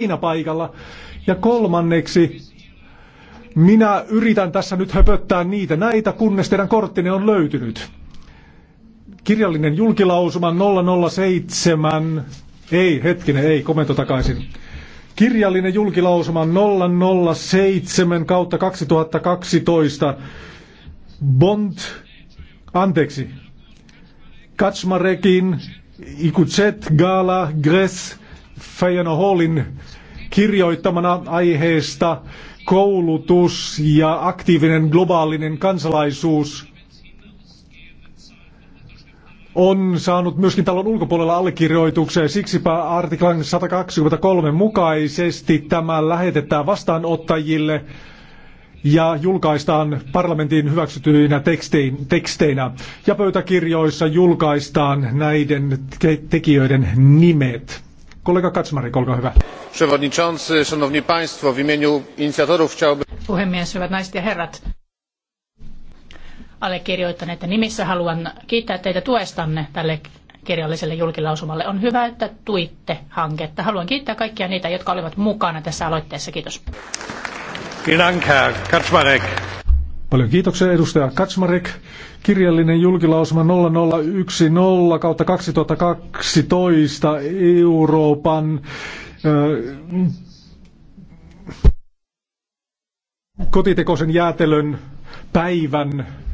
siinä paikalla. Ja kolmanneksi, minä yritän tässä nyt höpöttää niitä näitä, kunnes teidän korttine on löytynyt. Kirjallinen julkilausuma 007, ei hetkinen, ei, komento takaisin. Kirjallinen julkilausuma 007 kautta 2012, Bond, anteeksi, Kaczmarekin, Ikutset, Gala, Gress, Feijan Hallin kirjoittamana aiheesta koulutus ja aktiivinen globaalinen kansalaisuus on saanut myöskin talon ulkopuolella allekirjoituksen. Siksipä artiklan 123 mukaisesti tämä lähetetään vastaanottajille ja julkaistaan parlamentin hyväksytyinä teksteinä. Ja pöytäkirjoissa julkaistaan näiden tekijöiden nimet arvoisa Puhemies, hyvät naiset ja herrat. Allekirjoittaneiden nimissä haluan kiittää teitä tuestanne tälle kirjalliselle julkilausumalle. On hyvä, että tuitte hanketta. Haluan kiittää kaikkia niitä, jotka olivat mukana tässä aloitteessa. Kiitos. Kiitos, Kaczmarek. Paljon kiitoksia edustaja Kaczmarek. Kirjallinen julkilausuma 0010 kautta 2012 Euroopan äh, kotitekoisen jäätelön päivän